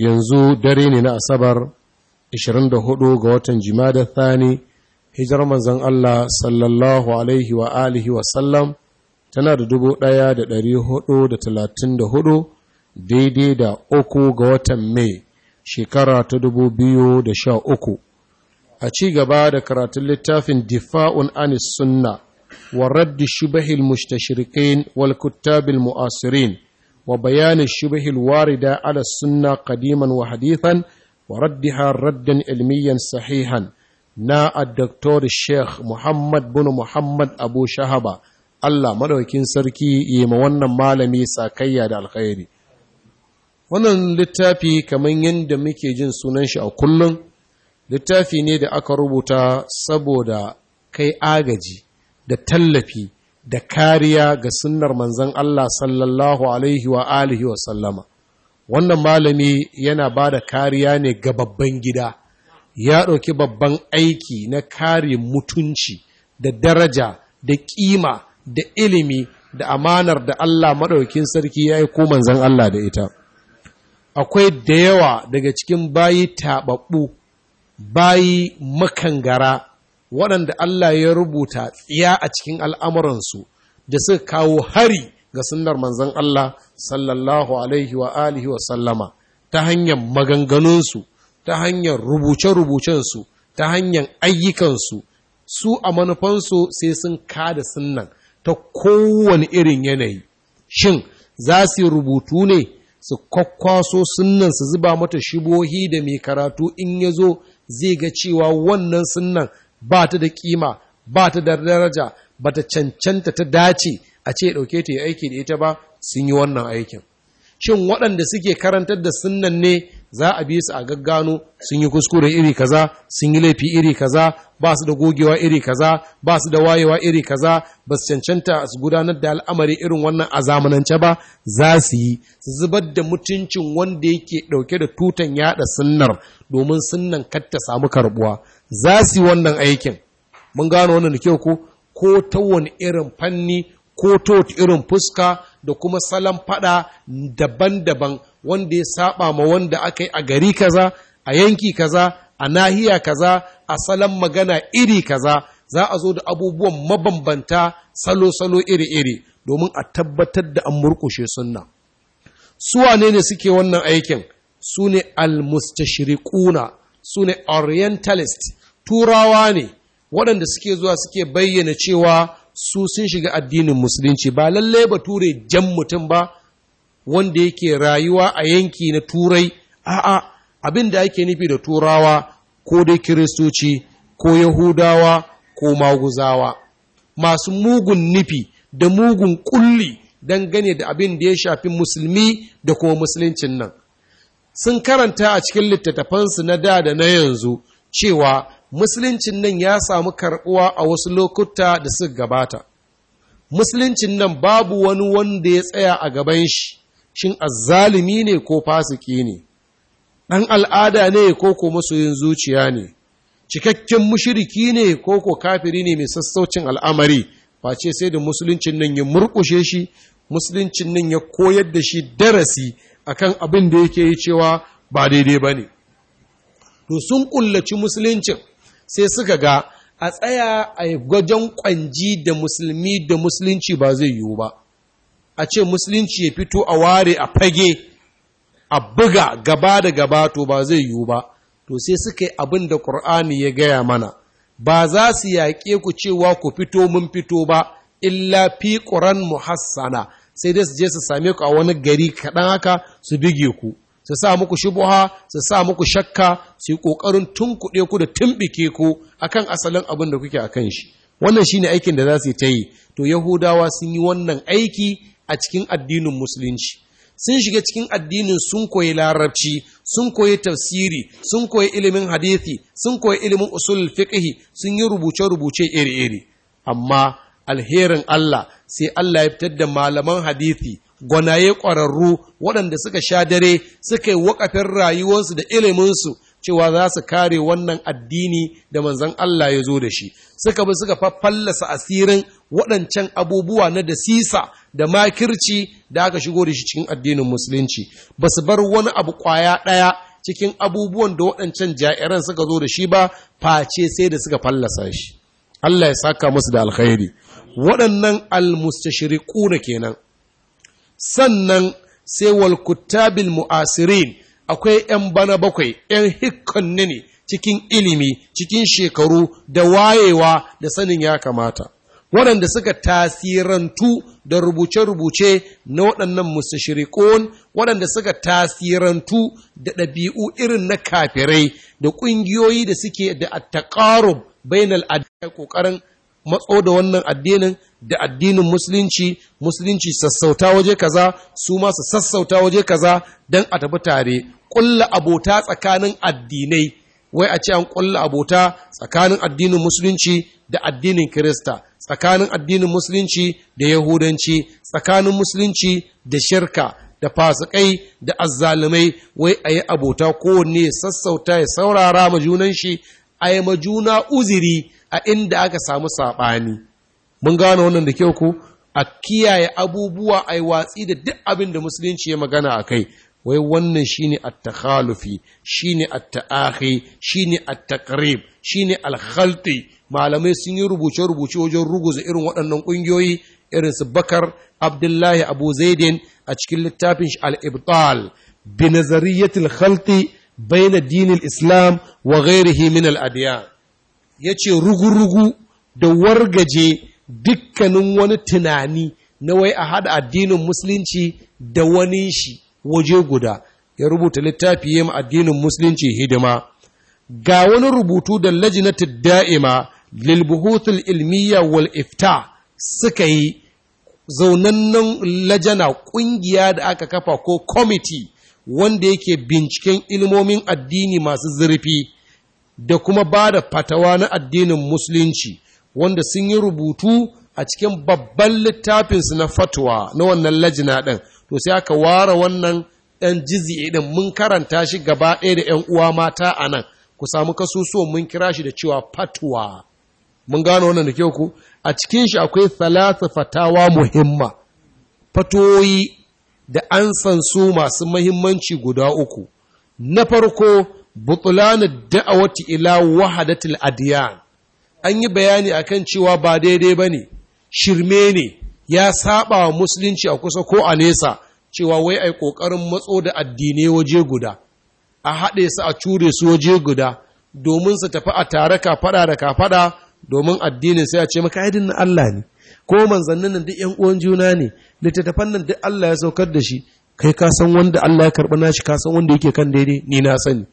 yanzu dare ne na asabar 24 ga watan jimada thani hijar manzan Allah sallallahu alaihi wa alihi wa sallam tana da 1434 daidai da uku ga watan mai shekara ta 2013 a ci gaba da karatun littafin difa'un anis sunna wa raddi shubahil mushtashirikin wal kuttabil mu'asirin wa bayanin shubihil warida ala sunna kadiman wa hadithan wa raddiha raddan ilmiyan sahihan na addaktor sheikh muhammad bin muhammad abu shahaba allah maɗaukin sarki yi ma wannan malami sakayya da alkhairi wannan littafi kamar yadda muke jin sunan shi a kullum littafi ne da aka rubuta saboda kai agaji da tallafi da kariya ga sunnar manzon Allah sallallahu alaihi wa alihi wa sallama wannan malami yana ba da kariya ne ga babban gida ya ɗauki babban aiki na kare mutunci da daraja da ƙima da ilimi da amanar da Allah maɗaukin sarki ya yi ko manzan Allah da ita akwai da yawa daga cikin bayi taɓaɓɓu bayi makangara waɗanda Allah ya rubuta tsiya a cikin al'amuransu da suka kawo hari ga sunnar manzan Allah sallallahu alaihi wa alihi wa sallama ta hanyar maganganunsu ta hanyar rubuce-rubucensu ta hanyar ayyukansu su a manufansu sai sun kada sunnan ta kowane irin yanayi shin za su rubutu ne su kwakwaso sunnan su zuba mata shibohi da mai karatu in ya zo zai ga cewa wannan sunnan ba ta da kima ba ta da daraja ba ta cancanta ta dace a ce ɗauke ta yi aiki da ita ba sun yi wannan aikin shin waɗanda suke karantar da sunan ne za a bi su a gaggano sun yi kuskure iri kaza sun yi laifi iri kaza ba su da gogewa iri kaza ba su da wayewa iri kaza ba su cancanta su gudanar da al'amari irin wannan a zamanance ba za su yi su zubar da mutuncin wanda yake dauke da tutan yada sunnar domin sunnan kar ta samu karbuwa za su yi wannan aikin mun gano wannan da kyau ko ko ta wani irin fanni ko ta irin fuska da kuma salon fada daban-daban wanda ya saba ma wanda aka yi a gari kaza a yanki kaza a nahiya kaza a salon magana iri kaza za a zo da abubuwan mabambanta salo-salo iri-iri domin a tabbatar da an murkushe sunna su wane ne suke wannan aikin su ne almustashriquna su ne orientalist turawa ne waɗanda suke zuwa suke bayyana cewa su sun shiga addinin musulunci ba lallai bature jan mutum ba wanda yake rayuwa a yanki na turai a'a abin da ake nufi da turawa ko dai kiristoci ko yahudawa ko maguzawa masu mugun nufi da mugun kulli don gane da abin da ya shafi musulmi da kuma musuluncin nan sun karanta a cikin littattafansu na da da na yanzu cewa musuluncin nan ya samu karɓuwa a wasu lokuta da suka gabata musuluncin nan babu wani wanda ya tsaya a gaban shi shin azzalimi ne ko fasiki ne ɗan al'ada ne ko ko masoyin zuciya ne cikakken mushiriki ne ko ko kafiri ne mai sassaucin al'amari face sai da musuluncin nan ya murƙushe shi musuluncin nan ya koyar da shi darasi akan abin da yake yi cewa ba daidai ba ne to sun ƙullaci musuluncin sai suka ga a tsaya a gwajen kwanji da musulmi da musulunci ba zai yiwu ba a ce musulunci ya fito a ware a fage a buga gaba da gaba to ba zai yiwu ba to sai suka yi abin da ƙur'ani ya gaya mana ba za su yaƙe ku cewa ku fito mun fito ba illa fi ƙuran muhassana sai dai su je su same ku a wani gari kaɗan haka su bige ku su sa muku shubuha su sa muku shakka su yi ƙoƙarin tunkuɗe ku da tumbike ku akan asalin abin da kuke a kan shi wannan shine aikin da za su yi ta yi to yahudawa sun yi wannan aiki a cikin addinin musulunci sun shiga cikin addinin sun koyi larabci sun koyi tafsiri sun koyi ilimin hadithi sun koyi ilimin usul fiqhi sun yi rubuce-rubuce iri-iri amma alherin Allah sai Allah ya fitar da malaman hadithi gwanaye ƙwararru waɗanda suka sha dare suka yi wakafin rayuwarsu da iliminsu cewa za su kare wannan addini da manzan Allah ya zo da shi suka bi suka fallasa asirin waɗancan abubuwa na da sisa da makirci da aka shigo da shi cikin addinin musulunci ba su bar wani abu ƙwaya ɗaya cikin abubuwan da waɗancan ja'iran suka zo da shi ba face sai da suka fallasa shi Allah ya saka musu da alkhairi waɗannan almustashriquna kenan sannan sai walkutabil mu'asirin akwai ‘yan bana bakwai, ‘yan hikkanni ne cikin ilimi, cikin shekaru da wayewa da sanin ya kamata, waɗanda suka tasirantu da rubuce-rubuce na waɗannan mustashirikon, waɗanda suka tasirantu da ɗabi'u irin na kafirai da ƙungiyoyi da suke da attaƙarub bainal adai ƙoƙarin matso da wannan addinin da addinin musulunci musulunci sassauta waje kaza su ma su sassauta waje kaza don a tafi tare kulla abota tsakanin addinai wai a ce an kulla abota tsakanin addinin musulunci da addinin kirista tsakanin addinin musulunci da yahudanci tsakanin musulunci da shirka da fasikai da azzalumai wai a yi abota kowanne sassauta ya saurara ma junan shi a yi ma juna uziri a inda aka samu saɓani mun gane wannan da kyau ku? a kiyaye abubuwa a yi watsi da duk abin da musulunci ya magana a kai wai wannan shi shine at-takhalufi shine at ne shine at-taqrib ne al-khalti malamai sun yi rubuce rubuce wajen ruguza irin waɗannan ƙungiyoyi irin su Bakar Abdullahi Abu Zaidin a cikin littafin shi al-ibtal bi nazariyatil khalti baina dinil islam wa ghairihi min al ya ce rugu da wargaje dukkanin wani tunani na wai a haɗa addinin musulunci da wani shi waje guda ya rubuta littafi yin addinin musulunci hidima ga wani rubutu da lajinatu da'ima lilbuhutul ilmiya wal ifta suka yi zaunannan lajana ƙungiya da aka kafa ko kwamiti wanda yake binciken ilmomin addini masu zurfi da kuma ba da fatawa na addinin musulunci wanda sun yi rubutu a cikin babban littafinsu na fatwa na wannan lajina ɗin to sai aka ware wannan ɗan jizi ɗin mun karanta shi gaba ɗaya da ‘yan uwa mata a nan ku samu kasusuwan mun kira shi da cewa fatwa mun gano wannan da kyau ku a cikin shi akwai salasa fatawa muhimma fatoyi da an san su masu mahimmanci guda uku na farko butlanu da'awati ila wahadatil adiyan an yi bayani akan cewa ba daidai ba ne shirme ne ya saba wa musulunci a kusa ko a nesa cewa wai ai ƙoƙarin matso da addinai waje guda a haɗe su a cure su waje guda domin su tafi a tare kafaɗa da kafaɗa domin addinin sai a ce maka na Allah ne ko manzannin nan duk ƴan uwan juna ne littattafan nan duk Allah ya saukar da shi kai ka san wanda Allah ya karɓi nashi ka san wanda yake kan daidai ni na sani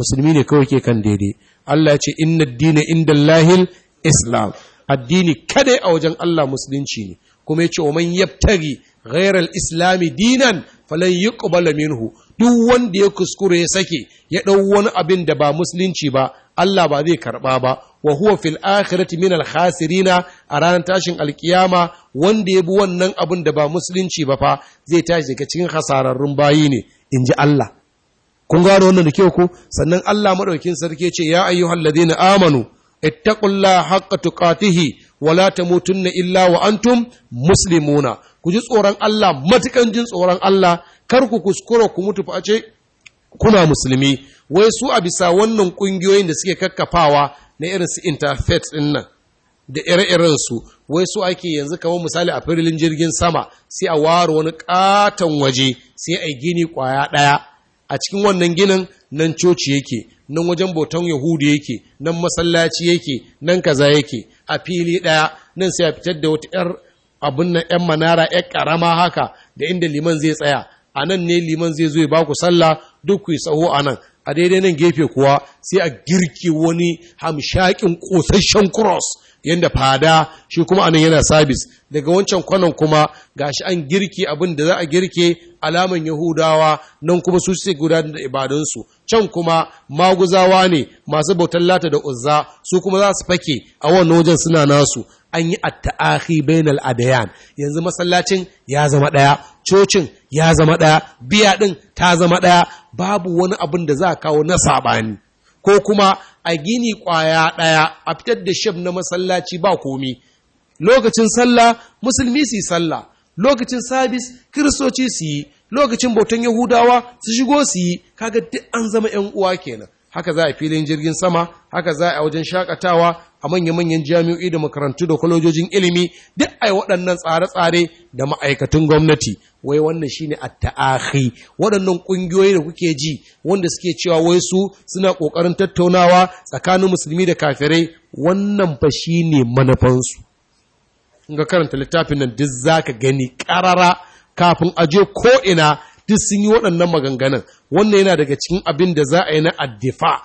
musulmi ne kawai ke kan daidai Allah ce inna dina inda lahil islam addini kadai a wajen Allah musulunci ne kuma ce wa man yabtari ghairal islami dinan falan yuqbala minhu duk wanda ya kuskure ya sake ya dau wani abin da ba musulunci ba Allah ba zai karba ba wa huwa fil akhirati min al khasirina a ranar tashin alkiyama wanda ya bi wannan abin da ba musulunci ba fa zai tashi daga cikin hasararrun bayi ne inji Allah kun gano wannan da kyau ko sannan Allah madaukin sarki ce ya ayyuhal ladina amanu ittaqullaha haqqa tuqatihi wa la tamutunna illa wa antum muslimuna ku ji tsoron Allah matukan jin tsoron Allah kar ku kuskura ku mutu fa ce kuna musulmi wai su a bisa wannan kungiyoyin da suke kakkafawa na irin su interfaith din nan da ire-iren su wai su ake yanzu kamar misali a firilin jirgin sama sai a ware wani katon waje sai a gini kwaya daya a cikin wannan ginin nan coci yake nan wajen bautan yahudu yake nan masallaci yake nan kaza yake a fili ɗaya nan sai a fitar da wata 'yar abin nan 'yan manara 'yar ƙarama haka da inda liman zai tsaya a nan ne liman zai zo ya ba ku sallah duk ku yi tsawo a nan a daidai nan gefe kuwa sai a girki wani hamshakin ƙosashen cross yadda fada shi kuma anan yana sabis daga wancan kwanan kuma ga shi an girki abin da za a girke alaman yahudawa nan kuma su sai gudanar da ibadunsu can kuma maguzawa ne masu bautar lata da uzza su kuma za su fake a wannan wajen suna nasu an yi at-ta'ahi bainal adayan yanzu masallacin ya zama ɗaya cocin ya zama ɗaya biya ɗin ta zama ɗaya babu wani abin da za a kawo na saɓani ko kuma a gini ƙwaya ɗaya a fitar da shaf na masallaci ba komi lokacin sallah musulmi su yi sallah lokacin sabis kiristoci su yi lokacin bautan yahudawa su shigo su yi kaga duk an zama ‘yan uwa kenan haka za a filin jirgin sama haka za a wajen shakatawa a manya-manyan jami'o'i da makarantu da kwalojojin ilimi duk a waɗannan tsare-tsare da ma'aikatan gwamnati wai wannan shine at-ta'akhi waɗannan ƙungiyoyi da kuke ji wanda suke cewa wai su suna ƙoƙarin tattaunawa tsakanin musulmi da kafirai wannan fa shine manufansu in ga karanta littafin nan duk zaka gani ƙarara kafin aje ko ina duk sun yi waɗannan maganganun wannan yana daga cikin abin da za a yi na addifa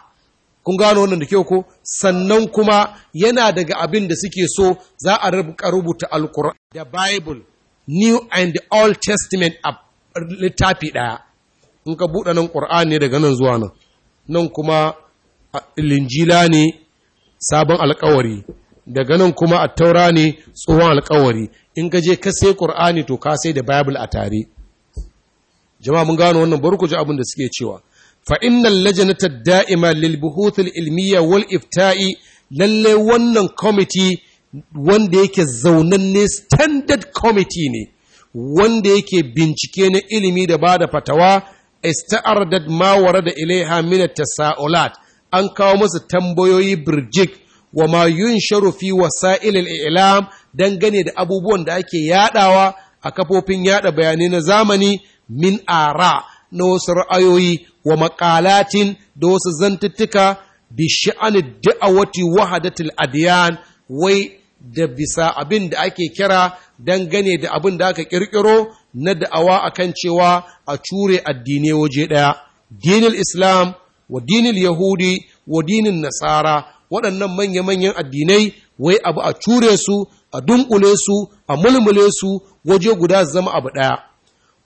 kun gano wannan da kyau ko sannan kuma yana daga abin da suke so za a rubuta alkur'ani da bible new and old testament a littafi ɗaya in ka buɗe nan ƙur'an ne daga nan zuwa nan nan kuma linjila ne sabon alkawari daga nan kuma a taura ne tsohon alkawari in ka je ka sai ƙur'ani to ka sai da bible a tare jama'a mun gano wannan bari ku ji abin da suke cewa fa innal lajanata da'ima lil buhuthil ilmiya wal ifta'i lalle wannan committee wanda yake zaunanne standard committee ne wanda yake bincike na ilimi da ba da fatawa ista'ardad mawara da ilaiha min at olat, an kawo masu tambayoyi birjik wa ma yunsharu fi wasa'il al-i'lam dangane da abubuwan da ake yadawa a kafofin yada bayanai na zamani min ara na wasu ra'ayoyi wa makalatin da wasu zantuttuka bi sha'ani da'awati wahadatul adiyan wai da bisa abin da ake kira dangane da abin da aka ƙirƙiro na da'awa a kan cewa a ture addinai waje ɗaya dinil islam wa dinil yahudi wa dinin nasara waɗannan manya-manyan addinai wai abu a cure su a dunkule su a mulmule su waje guda zama abu ɗaya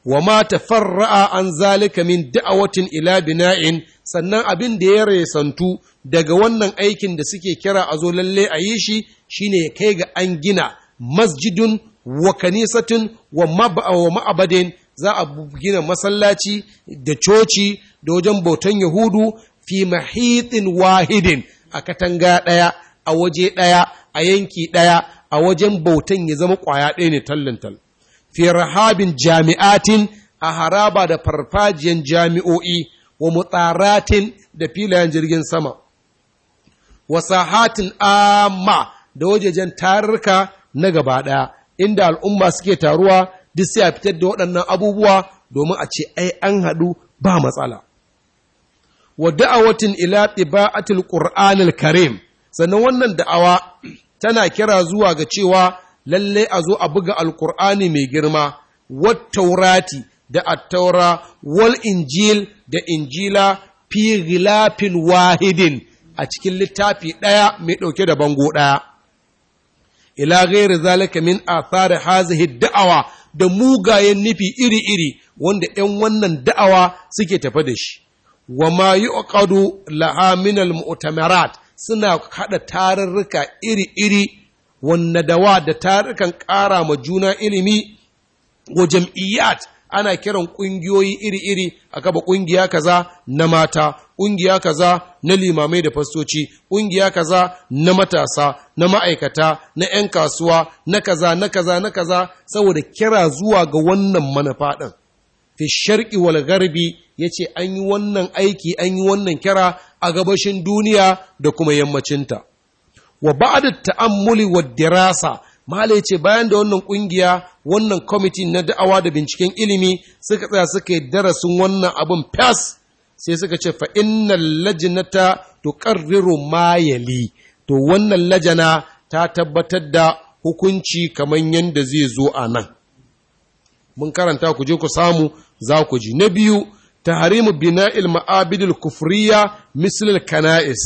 wa ma farra'a an zalika min da'awatin ila bina'in sannan abin da ya resantu daga wannan aikin da suke kira a zo lalle a yi shi shine ya kai ga an gina masjidun wa kanisatun wa ma'abadin za a gina masallaci da coci da wajen bautan yahudu fi mahitin wahidin a katanga ɗaya a waje ɗaya a yanki ɗaya a wajen bautan ya zama ƙwaya ɗaya ne tallintal fi rahabin jami'atin a haraba da farfajiyan jami'o'i wa mutsaratin da filayen jirgin sama wa sahatin amma da wajejen tarurruka na gaba ɗaya inda al'umma suke taruwa duk sai a fitar da waɗannan abubuwa domin a ce ai an haɗu ba matsala wa da'awatin ila tiba'atil qur'anil karim sannan wannan da'awa tana kira zuwa ga cewa lallai a zo a buga alkur'ani mai girma wat taurati da attaura wal injil da injila fi ghilafin wahidin a cikin littafi ɗaya mai ɗauke da bango ɗaya ila ghairi zalika min athari hazihi da'awa da mugayen nufi iri-iri wanda ‘yan wannan da'awa suke tafa da shi, wa ma yi ƙaƙadu lahaminal mu'tamarat suna haɗa tarurruka iri-iri wanda dawa da tarurrukan ƙara ma juna ilimi wa jam'iyyat ana kiran ƙungiyoyi iri-iri a kaba ƙungiya kaza na mata ƙungiya kaza na limamai da fastoci ƙungiya kaza na matasa na ma'aikata na 'yan kasuwa na kaza na kaza na kaza saboda kira zuwa ga wannan manufa ɗin fi sharƙi wal garbi ya ce an yi wannan aiki an yi wannan kira a gabashin duniya da kuma yammacinta wa ba'da ta'ammuli wa dirasa Mala ya ce bayan da wannan ƙungiya wannan kwamiti na da'awa da binciken ilimi suka tsaya suka yi darasin wannan abin fas sai suka ce fa innal lajnata tuqarriru ma yali to wannan lajana ta tabbatar da hukunci kamar yadda zai zo a nan mun karanta ku je ku samu za ku ji na biyu tahrimu bina'il ma'abidul kufriya mislil kana'is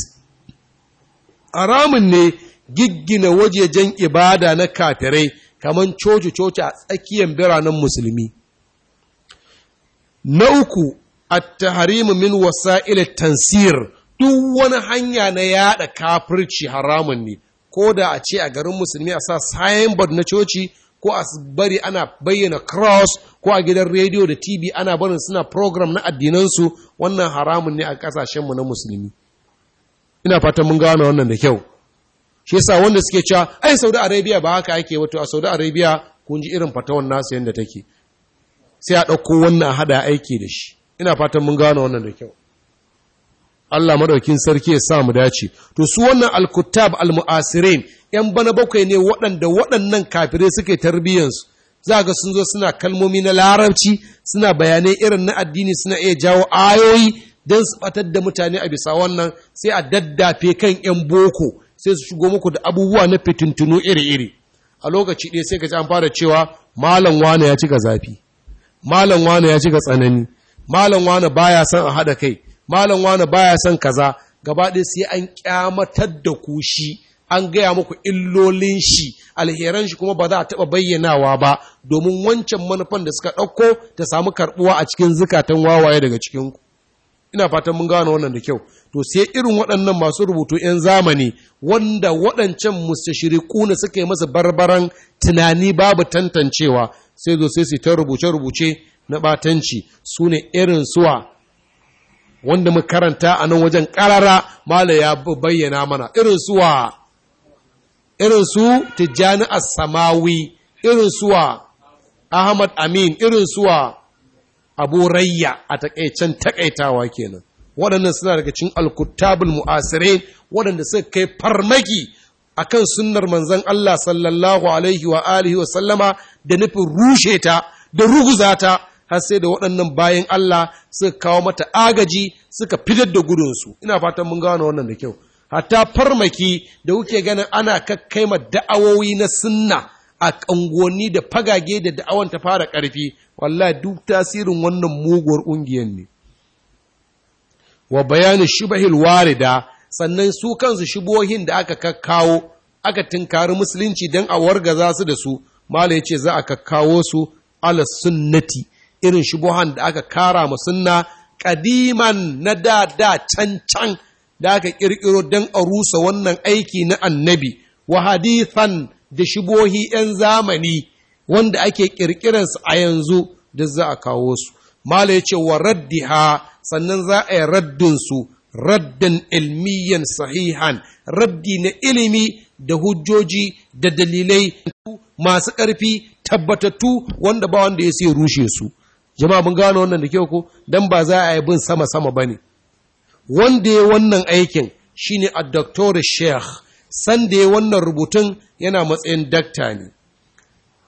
haramun ne giggina wajejen ibada na kafirai kamar coci-coci a tsakiyar biranen musulmi na uku at Harimu min ila tansir duk wani hanya na yada kafirci haramun ne ko da a ce a garin musulmi a sa signboard na coci ko a bari ana bayyana cross ko a gidan rediyo da tv ana barin suna program na addinansu wannan haramun ne a kasashenmu na musulmi ina fatan mun gano wannan da kyau shi yasa wanda suke cewa ai Saudi Arabia ba haka yake wato a Saudi Arabia kun ji irin fatawan nasu yanda take sai a ɗauko wannan hada aiki da shi ina fatan mun gano wannan da kyau Allah madaukin sarki ya sa mu dace to su wannan al-kuttab al-mu'asirin yan bana bakwai ne waɗanda waɗannan kafirai suke tarbiyyansu za ga sun zo suna kalmomi na larabci suna bayanai irin na addini suna iya jawo ayoyi don su batar da mutane a bisa wannan sai a daddafe kan 'yan boko sai su shigo muku da abubuwa na fitintunu iri-iri a lokaci ɗaya sai ka ci an fara cewa malam wane ya ci ga zafi malam wane ya ci ga tsanani malam wane baya son a haɗa kai malam wane baya son kaza gaba ɗaya sai an kyamatar da kushi an gaya muku illolin shi alheran shi kuma ba za a taɓa bayyanawa ba domin wancan manufan da suka ɗauko ta samu karɓuwa a cikin zukatan wawaye daga cikinku ina fatan mun gano wannan da kyau to sai irin waɗannan masu rubutu 'yan zamani wanda waɗancan mustashirikuna suka yi masa barbaran tunani babu tantancewa sai zo sai su ta rubuce-rubuce na batanci su ne irin suwa wanda mu karanta a nan wajen ƙarara mala ya bayyana mana irin suwa irin su tijjani as-samawi irin suwa ahmad amin irin suwa abu rayya a takaicen takaitawa kenan waɗannan suna daga cikin alkutabul mu'asire waɗanda suka kai farmaki akan sunnar manzon Allah sallallahu alaihi wa alihi wa sallama da nufin rushe ta da ruguza ta har sai da waɗannan bayan Allah suka kawo mata agaji suka fitar da gudunsu ina fatan mun gano wannan da kyau hatta farmaki da kuke ganin ana kakkaima da'awowi na sunna a kangoni da fagage da da'awan ta fara ƙarfi wallahi duk tasirin wannan muguwar ƙungiyar ne wa bayanin shubahil warida sannan su kansu shubohin da aka kakkawo aka tinkari musulunci don a wargaza su da su mala ce za a kakkawo su ala sunnati irin shubohan da aka kara ma sunna kadiman na da da can can da aka kirkiro don a rusa wannan aiki na annabi wa hadithan da shubohi 'yan zamani wanda ake kirkiransu a yanzu da za a kawo su mala ce wa raddiha sannan za a yi raddinsu raddin ilmiyan sahihan raddi na ilimi da hujjoji da dalilai masu ƙarfi tabbatattu wanda ba wanda ya sai rushe su jama'a mun gano wannan da kyau ko dan ba za a yi bin sama sama ba ne. wanda ya wannan aikin shine a doctor sheikh sanda ya wannan rubutun yana matsayin dakta ne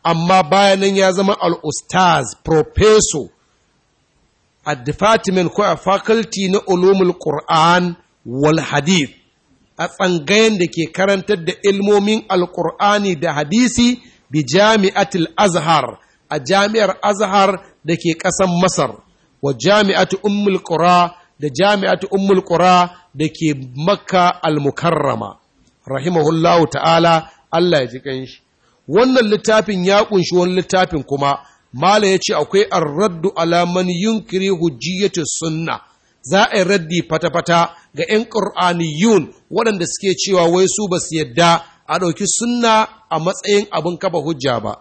amma bayanan ya zama al-ustaz professor a department ko a faculty na ulumul qur'an wal hadith a tsangayen da ke karantar da ilmomin alkur'ani da hadisi bi jami'atul azhar a jami'ar azhar da ke ƙasan masar wa jami'atu ummul qura da jami'atu ummul qura da ke makka al-mukarrama rahimahullahu ta'ala Allah ya ji ƙanshi wannan littafin ya kunshi wani littafin kuma mala ya ce akwai raddu alaman yunkiri hujjiyatu sunna za a raddi fata-fata ga 'yan yun waɗanda suke cewa wai su ba su yadda a ɗauki sunna a matsayin abin kafa hujja ba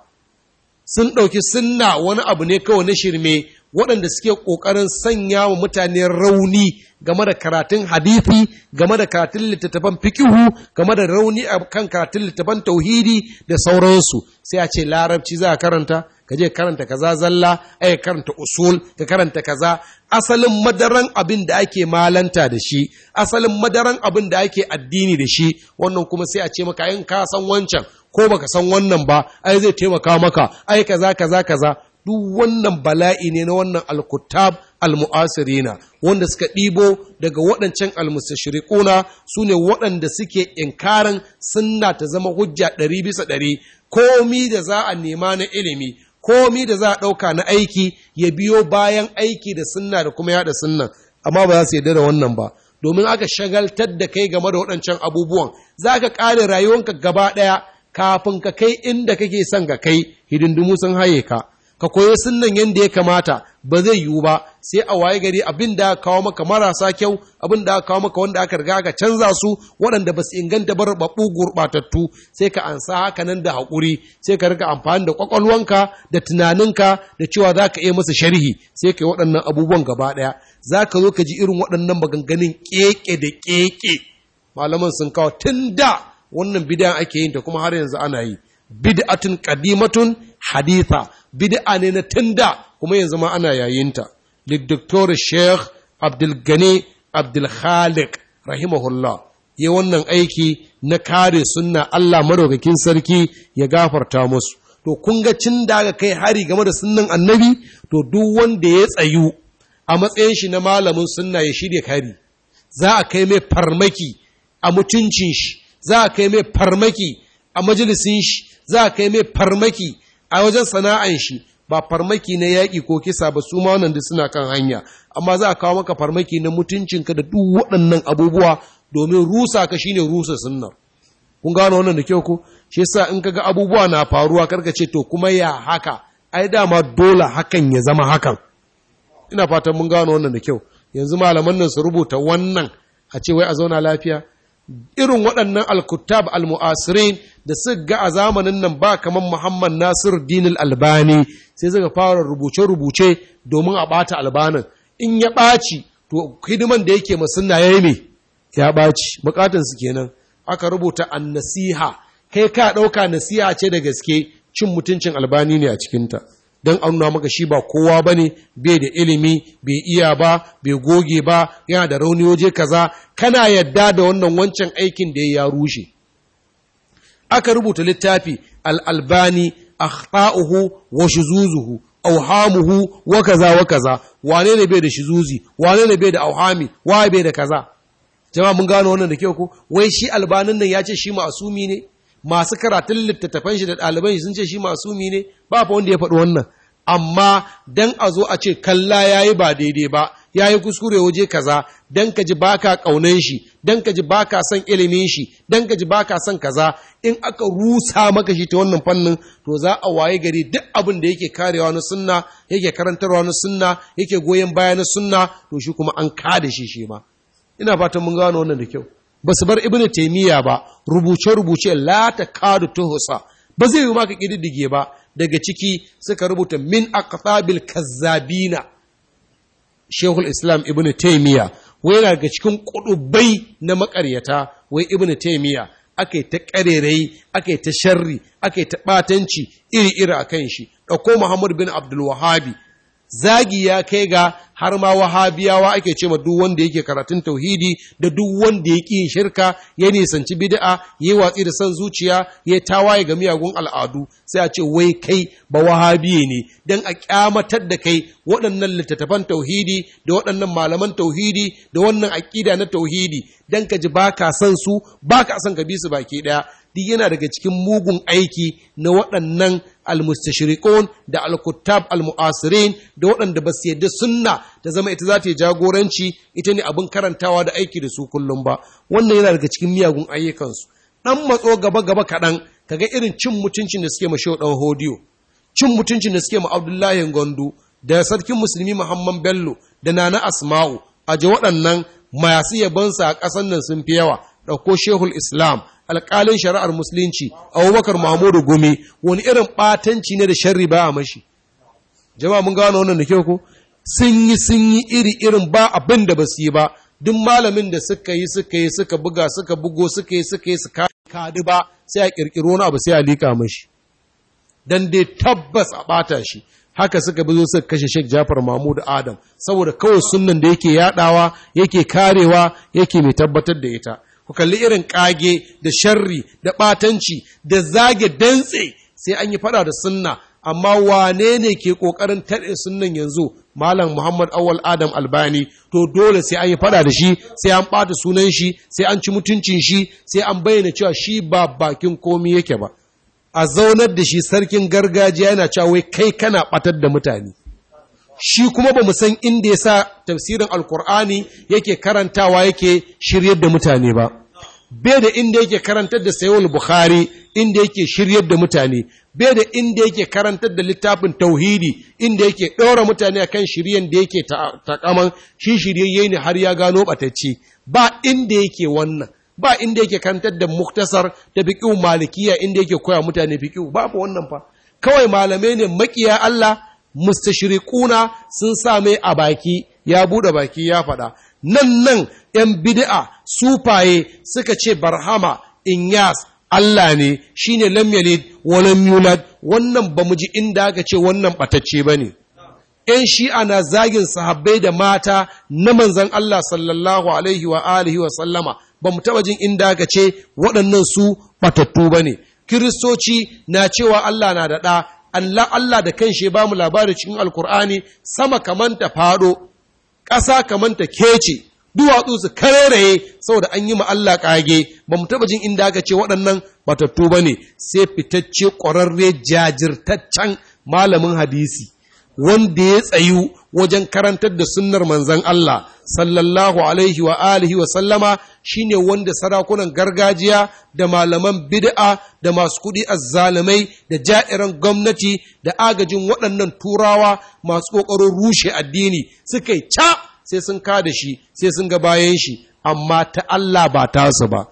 sun ɗauki sunna wani abu ne kawai na shirme waɗanda suke ƙoƙarin sanya wa mutane rauni game da karatun hadithi game da karatun littattafan fikihu game da rauni a kan karatun littattafan tauhidi da sauransu sai a ce larabci za a karanta ka je karanta kaza zalla ai karanta usul ka karanta kaza asalin madaran abin da ake malanta da shi asalin madaran abin da ake addini da shi wannan kuma sai a ce maka in ka san wancan ko baka san wannan ba ai zai taimaka maka ai kaza kaza kaza duk wannan bala'i ne na wannan alkutab almu'asirina wanda suka ɗibo daga waɗancan almustashriquna su ne waɗanda suke inkarin sunna ta zama hujja ɗari bisa ɗari komi da za a nema na ilimi komi da za a ɗauka na aiki ya biyo bayan aiki da sunna da kuma yaɗa sunna amma ba za su yarda da wannan ba domin aka shagaltar da kai game da waɗancan abubuwan za ka ƙare rayuwanka gaba ɗaya kafin ka kai inda kake son ka kai hidindimu sun haye ka ka koyo sunnan yadda ya kamata ba zai yiwu ba sai a waye gari abin da aka kawo maka marasa kyau abin da aka kawo maka wanda aka riga aka canza su waɗanda ba su inganta ba rubabu gurɓatattu sai ka ansa haka nan da haƙuri sai ka rika amfani da ƙwaƙwalwanka da tunaninka da cewa za ka iya masa sharhi sai ka yi waɗannan abubuwan gaba ɗaya za ka zo ka ji irin waɗannan maganganun ƙeƙe da ƙeƙe malaman sun kawo tun da wannan bidan ake yin ta kuma har yanzu ana yi bid'atun qadimatun haditha bid'a ne na tunda kuma yanzu ma ana yayinta lid doktor sheikh abdul gani abdul khaliq rahimahullah ya wannan aiki na kare sunna Allah madaukakin sarki ya gafarta musu to kun ga cin da aka kai hari game da sunnan annabi to duk wanda ya tsayu a matsayin shi na malamin sunna ya shirya kari za a kai mai farmaki a mutuncin shi za a kai mai farmaki a majalisin shi za a kai mai farmaki a wajen sana'an shi ba farmaki na yaƙi ko kisa ba su ma da suna kan hanya amma za a kawo maka farmaki na mutuncinka da duk waɗannan abubuwa domin rusa ka shine rusa sunna kun gano wannan da kyau ko shi yasa in kaga abubuwa na faruwa karka ce to kuma ya haka ai dama dole hakan ya zama hakan ina fatan mun gano wannan da kyau yanzu malaman nan su rubuta wannan a ce wai a zauna lafiya irin waɗannan al al-mu'asirin da suka ga a zamanin nan ba kamar Muhammad Nasir al Albani sai suka fara rubuce-rubuce domin a ɓata albanin in ya ɓaci to hidiman da yake masunna ya yi me ya ɓaci su kenan aka rubuta an nasiha kai ka ɗauka nasiha ce da gaske cin mutuncin albani ne a cikinta don an nuna maka shi ba kowa ba ne bai da ilimi bai iya ba bai goge ba yana da rauni waje kaza kana yadda da wannan wancan aikin da ya rushe aka rubuta littafi al'albani akhta'uhu wa shuzuzuhu auhamuhu wa kaza wa kaza wane ne bai da zuzi, wane ne bai da auhami wa bai da kaza jama'a mun gano wannan da kyau ko wai shi albanin nan ya ce shi ma'asumi ne masu karatun littattafan shi da ɗaliban sun ce shi masu umi ne ba fa wanda ya faɗi wannan amma dan a zo a ce kalla ya yi ba daidai ba ya yi kuskure waje kaza dan ka ji baka ƙaunan shi dan ka ji baka son ilimin shi dan ka ji baka son kaza in aka rusa maka shi ta wannan fannin to za a waye gari duk abin da yake karewa na sunna yake karantarwa na sunna yake goyon baya na sunna to shi kuma an kada shi shi ma ina fatan mun gano wannan da kyau ba su bar Ibn taimiyya ba rubuce rubuce la takadu tuhsa ba zai yi ma ka kididdige ba daga ciki suka rubuta min kasabil kazzabina shehul islam Ibn taimiyya wai yana daga cikin kudubai na makaryata wai Ibn taimiyya ake ta ƙarerai ake ta sharri ake ta ɓatanci iri-iri a kan shi ɗauko muhammad bin abdul zagi ya kai ga har ma wahabiyawa ake ce ma duk wanda yake karatun tauhidi da duk wanda ya ƙi shirka ya nisanci bid'a ya yi watsi da son zuciya ya tawaye ga miyagun al'adu sai a ce wai kai ba wahabiye ne Don a kyamatar da kai waɗannan littattafan tauhidi da waɗannan malaman tauhidi da wannan aƙida na tauhidi don ka ji ba ka san su ba ka san ka bi su baki ɗaya duk yana daga cikin mugun aiki na waɗannan almustashriqun da alkuttab muasirin da waɗanda ba su yadda sunna ta zama ita za ta yi jagoranci ita ne abin karantawa da aiki da su kullum ba wannan yana daga cikin miyagun ayyukansu ɗan matso gaba gaba kaɗan ka ga irin cin mutuncin da suke ma shehu hodiyo cin mutuncin da suke ma abdullahi gondo da sarkin musulmi muhammad bello da nana asma'u a ji waɗannan masu yabansa a ƙasar nan sun fi yawa ɗauko shehul islam alƙalin shari'ar musulunci abubakar mahamudu gome wani irin ɓatanci ne da sharri ba a mashi jama'a mun gano wannan da kyau ko sun yi sun yi iri irin ba abin da ba yi ba duk malamin da suka yi suka yi suka buga suka bugo suka yi suka yi suka kadi ba sai a kirkiro na abu sai a lika mashi dan dai tabbas a bata shi haka suka bi zo suka kashe Sheikh Jafar Mahmud Adam saboda kawai sunnan da yake yadawa yake karewa yake mai tabbatar da ita ku kalli irin ƙage da sharri da ɓatanci da zage dantse sai an yi fada da sunna amma wane ne ke ƙoƙarin taɗe sunnan yanzu malam muhammad awal adam albani to dole sai an yi fada da shi sai an ɓata sunan shi sai an ci mutuncin shi sai an bayyana cewa shi ba bakin komi yake ba a zaunar da shi sarkin gargajiya yana cewa wai kai kana ɓatar da mutane shi kuma ba mu san inda ya sa tafsirin alkur'ani yake karantawa yake shiryar da mutane ba bai da inda yake karantar da sayowar bukhari inda yake shiryar da mutane bai da inda yake karantar da littafin tauhidi inda yake ɗora mutane a kan shiryen da yake takaman shi shiryayye ne har ya gano ɓatacce ba inda yake wannan ba inda yake karantar da muktasar da fiqhu malikiya inda yake koya mutane fiqhu babu wannan fa kawai malamai ne makiya Allah mustashriquna sun sa mai a baki ya bude baki ya faɗa nan nan yan bid'a sufaye suka ce barhama inyas Allah ne shine lam yalid wa lam yulad wannan mu ji inda aka ce wannan batacce bane ‘yan shi'a na zagin sahabbai da mata na manzan Allah sallallahu Alaihi wa alihi wa sallama ba mu taɓa jin inda aka ce waɗannan su batattu ba ne. Kiristoci na cewa Allah na da ɗa, Allah Allah da kanshi shi ba mu labari cikin alkur'ani sama kamanta faɗo, ƙasa kamanta kece duwatsu su kareraye saboda an yi ma Allah kage ba mu taba jin inda aka ce waɗannan batattu ba ne sai fitacce ƙwararre jajirtaccen malamin hadisi wanda ya tsayu wajen karantar da sunnar manzan Allah sallallahu alaihi wa alihi wa sallama shine wanda sarakunan gargajiya da malaman bid'a da masu kudi azzalumai da ja'iran gwamnati da agajin waɗannan turawa masu ƙoƙarin rushe addini suka yi ca sai sun ka da shi sai sun ga bayan shi amma ta Allah ba tasu ba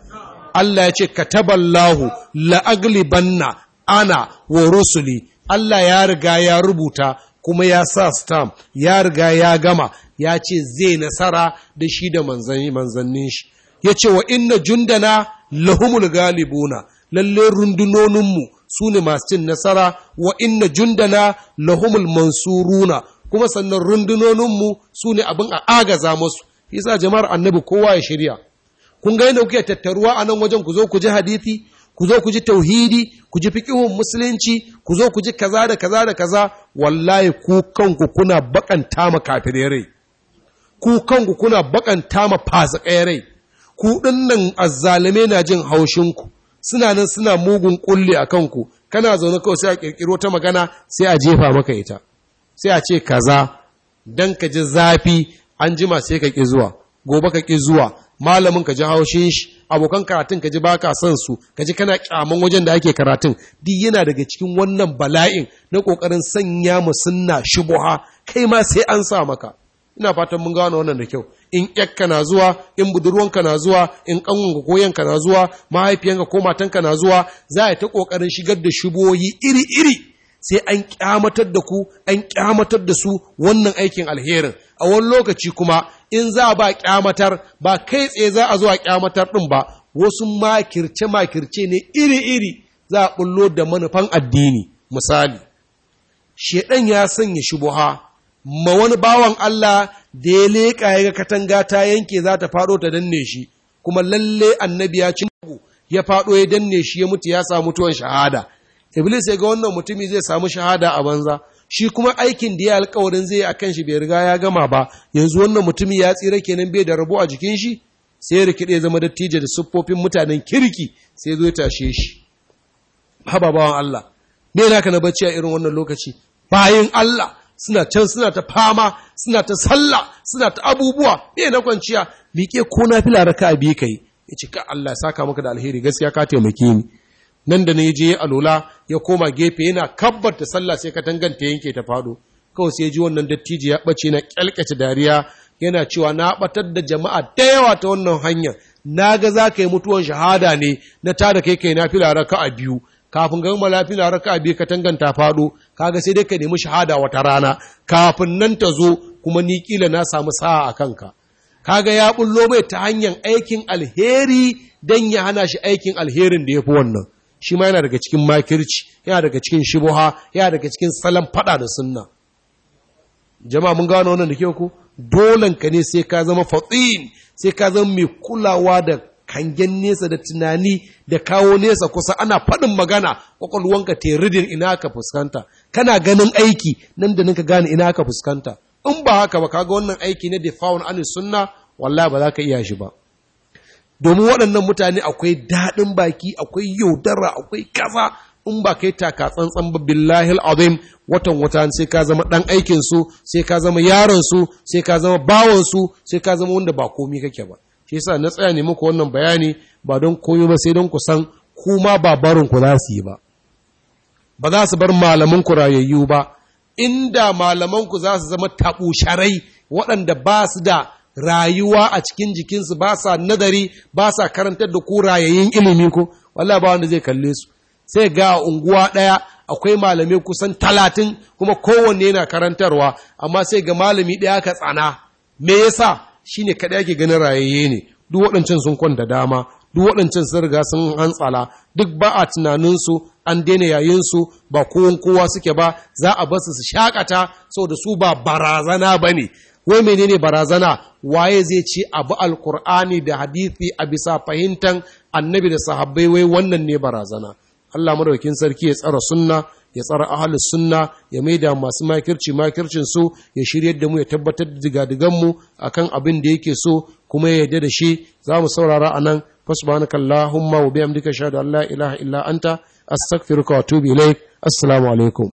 Allah ya ce kataballahu la'aglibanna ana wa rusuli Allah ya riga ya rubuta kuma ya sa stam ya riga ya gama ya ce zai nasara da shi da manzannin shi ya ce wa inna jundana lahumul galibuna lalle rundunoninmu su ne masu cin nasara wa inna jundana lahumul mansuruna kuma sannan rundunoninmu su ne abin a agaza masu isa jama'ar annabi kowa ya shirya kun ga yadda kuke tattaruwa a nan wajen ku zo ku ji hadithi ku zo ku ji tauhidi ku ji fikihun musulunci ku zo ku ji kaza da kaza da kaza wallahi ku kanku kuna bakanta ma kafirai rai ku kanku kuna bakanta ma fasikai rai ku dinnan azzalume na jin haushin ku suna nan suna mugun kulli a kanku kana zaune kawai sai a kirkiro ta magana sai a jefa maka ita sai a ce kaza dan ka ji zafi an jima sai ka ki zuwa gobe ka ki zuwa malamin ka ji haushin shi abokan karatun ka ji ba ka son su ka ji kana kyaman wajen da ake karatun duk yana daga cikin wannan bala'in na ƙoƙarin sanya mu sunna shubuha kai ma sai an sa maka ina fatan mun gano wannan da kyau in yakka na zuwa in budurwanka na zuwa in ƙanwanka ko yanka na zuwa mahaifiyanka ko matanka na zuwa za a ta kokarin shigar da shuboyi iri iri sai an kyamatar da ku an kyamatar da su wannan aikin alherin a wani lokaci kuma in za ba kyamatar ba kai tsaye za a zuwa kyamatar ɗin ba wasu makirce makirce ne iri-iri za a bullo da manufan addini misali shedan ya sanya shubuha ma wani bawan Allah da ya leƙa ya ga katanga ta yanke za ta faɗo ta danne shi kuma lalle annabi ya ci ya faɗo ya danne shi ya mutu ya samu tuwon shahada iblis ya ga wannan mutumi zai samu shahada a banza shi kuma aikin da ya alkawarin zai akan shi bai riga ya gama ba yanzu wannan mutumi ya tsira kenan bai da rabo a jikin shi sai ya rikide zama dattijo da siffofin mutanen kirki sai zo ya tashe shi haba Allah me naka na bacci a irin wannan lokaci bayin Allah suna can suna ta fama suna ta sallah suna ta abubuwa me na kwanciya miƙe ko na fila ka bi kai ya ce ka Allah ya saka maka da alheri gaskiya ka taimake ni nan da na je ya ya koma gefe yana kabbar ta sallah sai ka tanganta yanke ta fado kawai sai ji wannan dattijo ya bace na kyalkace dariya yana cewa na batar da jama'a da yawa ta wannan hanya na ga za ka yi mutuwan shahada ne na tada kai kai na fila raka a biyu kafin ga mala fila raka a biyu ka tanganta fado kaga sai dai ka nemi shahada wata rana kafin nan ta zo kuma ni kila na samu sa'a a kanka kaga ya bullo mai ta hanyar aikin alheri dan ya hana shi aikin alherin da ya fi wannan shi ma yana daga cikin makirci yana daga cikin shibuha yana daga cikin salon fada da sunna jama'a mun gano wannan da ke ku? dolan ka ne sai ka zama fatsin sai ka zama mai kulawa da kangen nesa da tunani da kawo nesa kusa ana faɗin magana kwakwalwanka te ridin ina ka fuskanta kana ganin aiki nan da nan ka gane ina ka fuskanta in ba haka ba ga wannan aiki na defaun an sunna wallahi ba za ka iya shi ba domin waɗannan mutane akwai daɗin baki akwai yaudara akwai kaza in ba kai taka tsantsan ba billahi azim watan wata sai ka zama ɗan aikin su sai ka zama yaron su sai ka zama bawon sai ka zama wanda ba komi kake ba shi yasa na tsaya ne muku wannan bayani ba don koyo ba sai don ku san ku ba barin ku za su yi ba ba za su bar malaman ku rayayyu ba inda malaman ku za su zama taɓu sharai waɗanda ba su da rayuwa a cikin jikinsu ba sa nadari ba sa karantar da ku rayayin ilimi ko wallahi ba wanda zai kalle su sai ga unguwa ɗaya akwai malamai kusan talatin kuma kowanne yana karantarwa amma sai ga malami ɗaya ka tsana me yasa shine kaɗai ake ganin rayayye ne duk waɗancan sun kwanta dama duk waɗancan sun riga sun hantsala duk ba a tunaninsu an daina yayinsu ba kowon kowa suke ba za a basu su shakata saboda su ba barazana ba ne wai menene barazana waye zai ci abu alkur'ani da hadithi a bisa fahimtar annabi da sahabbai wai wannan ne barazana Allah madaukakin sarki ya tsara sunna ya tsara ahalus sunna ya maida masu makirci makircin su ya shiryar da mu ya tabbatar da digadigan mu akan abin da yake so kuma ya yarda da shi za mu saurara anan fasbanaka wa bihamdika shahadu an la ilaha illa anta astaghfiruka wa atubu ilaik assalamu alaikum